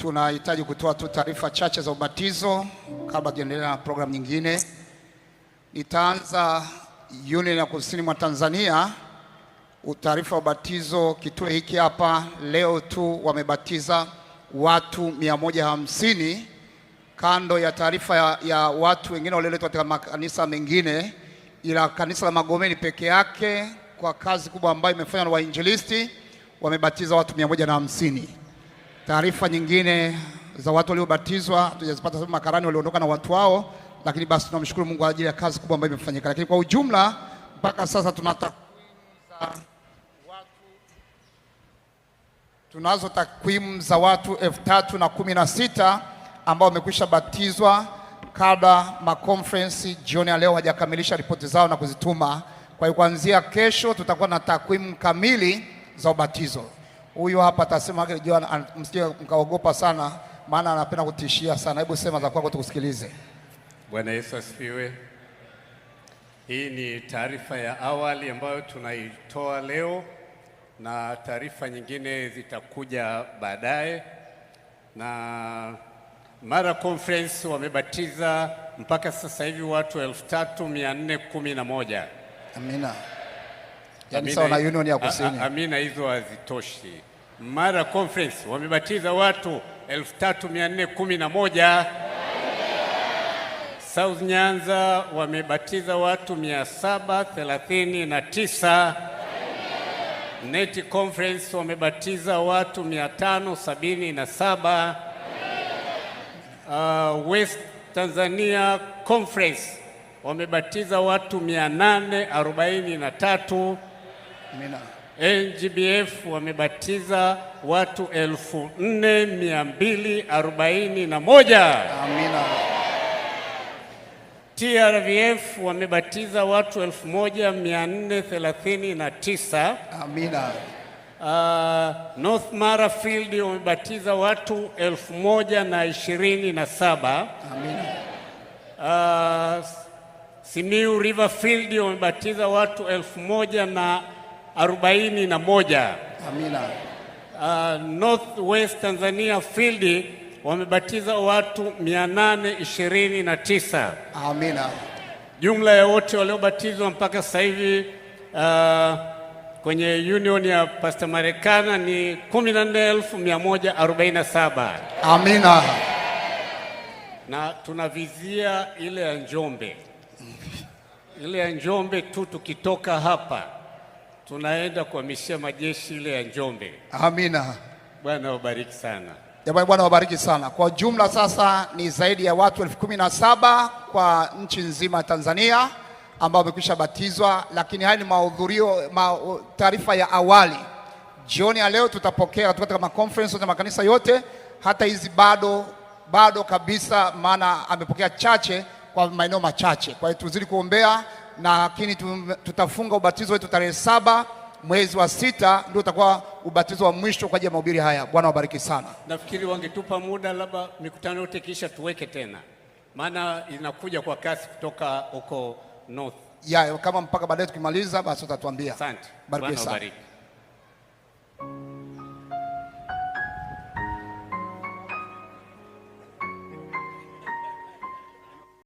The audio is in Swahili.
tunahitaji kutoa tu taarifa chache za ubatizo kabla tuendelee na programu nyingine. Nitaanza Union ya Kusini mwa Tanzania, utaarifa wa ubatizo. Kituo hiki hapa leo tu wamebatiza watu 150 kando ya taarifa ya, ya watu wengine walioletwa katika makanisa mengine, ila kanisa la Magomeni peke yake kwa kazi kubwa ambayo imefanywa na wainjilisti wamebatiza watu 150. Taarifa nyingine za watu waliobatizwa tujazipata sababu makarani waliondoka na watu wao, lakini basi tunamshukuru Mungu kwa ajili ya kazi kubwa ambayo imefanyika, lakini kwa ujumla mpaka sasa tuna tunazo takwimu za watu elfu tatu na kumi na sita ambao wamekwisha batizwa kabla makonferensi jioni ya leo hajakamilisha ripoti zao na kuzituma. Kwa hiyo kuanzia kesho tutakuwa na takwimu kamili za ubatizo. Huyu hapa atasema Joan, msije mkaogopa sana, maana anapenda kutishia sana. Hebu sema za kwako tukusikilize. Bwana Yesu asifiwe. Hii ni taarifa ya awali ambayo tunaitoa leo na taarifa nyingine zitakuja baadaye. Na Mara Conference wamebatiza mpaka sasa hivi watu elfu mia kumi na moja. Amina yani sawa na union ya ah, ah, kusini. Amina ah, hizo hazitoshi. Mara conference wamebatiza watu 3411 South Nyanza wamebatiza watu 739 NET conference wamebatiza watu 577 Uh, West Tanzania Conference wamebatiza watu 843 Amina. NGBF wamebatiza watu 4241. Amina. TRVF wamebatiza watu 1439. Amina. Uh, North Mara Field wamebatiza watu 1027. Amina. Uh, Simiu River Field wamebatiza watu elfu moja na arobaini na moja. Amina. Uh, North West Tanzania Field wamebatiza watu 829. Amina. Jumla ya wote waliobatizwa mpaka sasa hivi uh, kwenye union ya Pastor Marekana ni 14147. Amina. Na tunavizia ile ya Njombe, ile ya Njombe tu tukitoka hapa tunaenda kuhamishia majeshi ile ya Njombe. Amina. Bwana wabariki sana jamani, Bwana wabariki sana. Kwa jumla sasa ni zaidi ya watu elfu kumi na saba kwa nchi nzima ya Tanzania ambao wamekwisha batizwa, lakini haya ni mahudhurio ma, taarifa ya awali. Jioni ya leo tutapokea katika makonferensi na makanisa yote, hata hizi bado bado kabisa, maana amepokea chache kwa maeneo machache. Kwa hiyo tuzidi kuombea lakini tutafunga ubatizo wetu tarehe saba mwezi wa sita, ndio utakuwa ubatizo wa mwisho kwa ajili ya mahubiri haya. Bwana wabariki sana. Nafikiri wangetupa muda, labda mikutano yote kisha tuweke tena, maana inakuja kwa kasi kutoka huko north Yeah, kama mpaka baadaye tukimaliza, basi utatuambia. Asante, bariki sana.